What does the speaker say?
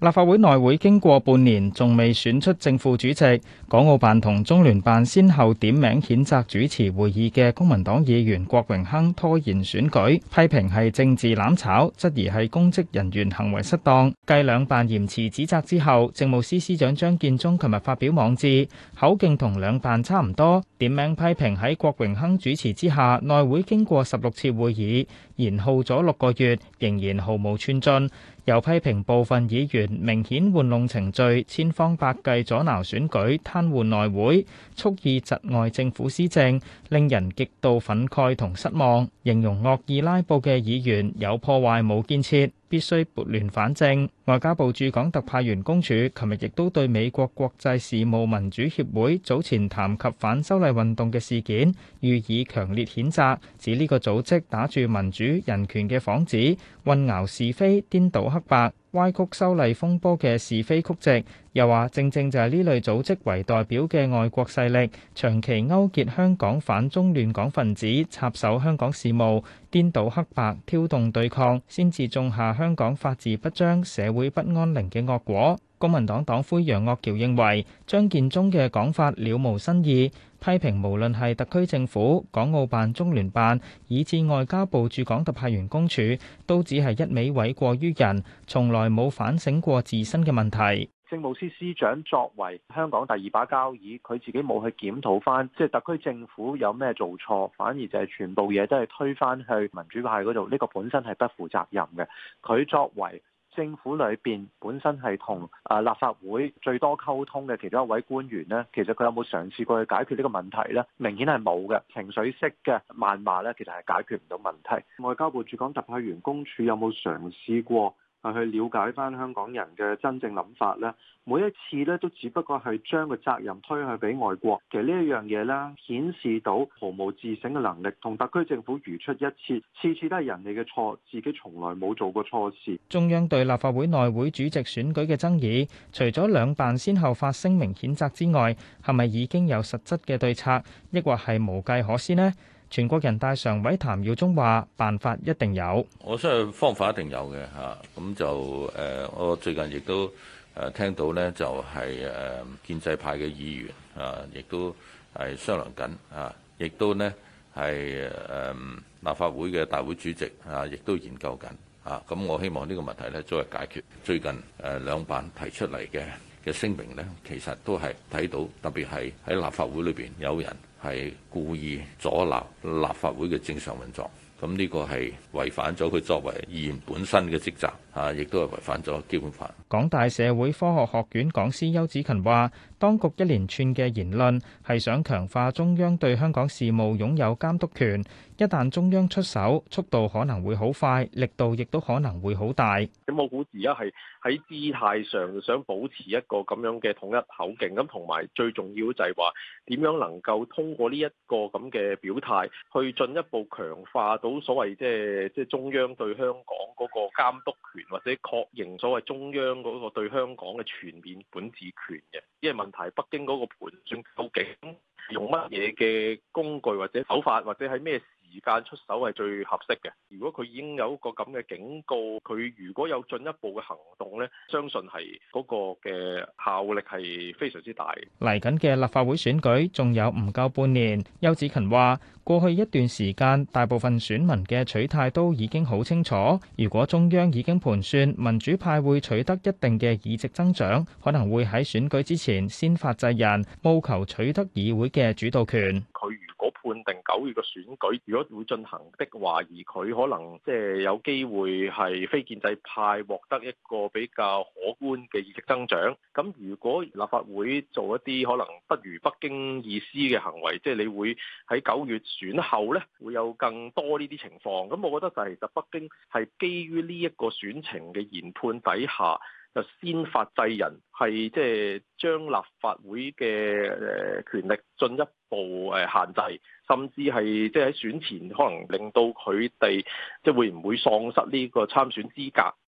立法會內會經過半年，仲未選出正副主席。港澳辦同中聯辦先後點名譴責主持會議嘅公民黨議員郭榮鏗拖延選舉，批評係政治攬炒，質疑係公職人員行為失當。繼兩辦嚴詞指責之後，政務司司長張建宗琴日發表網誌，口徑同兩辦差唔多，點名批評喺郭榮鏗主持之下，內會經過十六次會議，延耗咗六個月，仍然毫無寸進。又批評部分議員明顯玩弄程序、千方百計阻撓選舉、癱瘓內會、蓄意窒礙政府施政，令人極度憤慨同失望，形容惡意拉布嘅議員有破壞冇建設。必須撥亂反正。外交部駐港特派員公署琴日亦都對美國國際事務民主協會早前談及反修例運動嘅事件予以強烈譴責，指呢個組織打住民主、人權嘅幌子，混淆是非，顛倒黑白。歪曲修例風波嘅是非曲直，又話正正就係呢類組織為代表嘅外國勢力，長期勾結香港反中亂港分子，插手香港事務，顛倒黑白，挑動對抗，先至種下香港法治不彰、社會不安寧嘅惡果。公民黨黨魁楊岳橋認為張建宗嘅講法了無新意，批評無論係特區政府、港澳辦、中聯辦，以至外交部駐港特派員公署，都只係一味諉過於人，從來冇反省過自身嘅問題。政務司司長作為香港第二把交椅，佢自己冇去檢討翻，即係特區政府有咩做錯，反而就係全部嘢都係推翻去民主派嗰度，呢個本身係不負責任嘅。佢作為政府裏邊本身係同啊立法會最多溝通嘅其中一位官員呢，其實佢有冇嘗試過去解決呢個問題呢？明顯係冇嘅，情緒式嘅謾罵呢，其實係解決唔到問題。外交部駐港特派員公署有冇嘗試過？去了解翻香港人嘅真正諗法咧，每一次咧都只不過係將個責任推去俾外國，其實呢一樣嘢咧，顯示到毫無自省嘅能力，同特區政府如出一轍，次次都係人哋嘅錯，自己從來冇做過錯事。中央對立法會內會主席選舉嘅爭議，除咗兩辦先後發聲明譴責之外，係咪已經有實質嘅對策，抑或係無計可施咧？全國人大常委譚耀宗話：辦法一定有，我相信方法一定有嘅嚇。咁就誒，我最近亦都誒聽到咧，就係誒建制派嘅議員啊，亦都係商量緊啊，亦都呢係誒立法會嘅大會主席啊，亦都研究緊啊。咁我希望呢個問題咧早日解決。最近誒兩辦提出嚟嘅嘅聲明咧，其實都係睇到，特別係喺立法會裏邊有人，係故意阻撓立法會嘅正常運作，咁呢個係違反咗佢作為議員本身嘅職責啊，亦都係違反咗基本法。港大社會科學學院講師邱子勤話，當局一連串嘅言論係想強化中央對香港事務擁有監督權，一旦中央出手，速度可能會好快，力度亦都可能會好大。咁我估而家係喺姿態上想保持一個咁樣嘅統一口徑，咁同埋最重要就係話點樣能夠通過呢一個咁嘅表態，去進一步強化到所謂即係即係中央對香港嗰個監督權，或者確認所謂中央。嗰個對香港嘅全面管治權嘅，因為問題，北京嗰個盤算究竟用乜嘢嘅工具或者手法，或者係咩時間出手係最合適嘅。如果佢已經有一個咁嘅警告，佢如果有進一步嘅行動呢，相信係嗰個嘅效力係非常之大。嚟緊嘅立法會選舉仲有唔夠半年，邱子勤話：過去一段時間，大部分選民嘅取態都已經好清楚。如果中央已經盤算民主派會取得一定嘅議席增長，可能會喺選舉之前先發制人，務求取得議會嘅主導權。九月嘅選舉如果會進行的話，而佢可能即係有機會係非建制派獲得一個比較可觀嘅議席增長，咁如果立法會做一啲可能不如北京意思嘅行為，即係你會喺九月選後咧，會有更多呢啲情況，咁我覺得就係就北京係基於呢一個選情嘅研判底下。就先發制人，係即係將立法會嘅誒權力進一步誒限制，甚至係即係喺選前可能令到佢哋即係會唔會喪失呢個參選資格？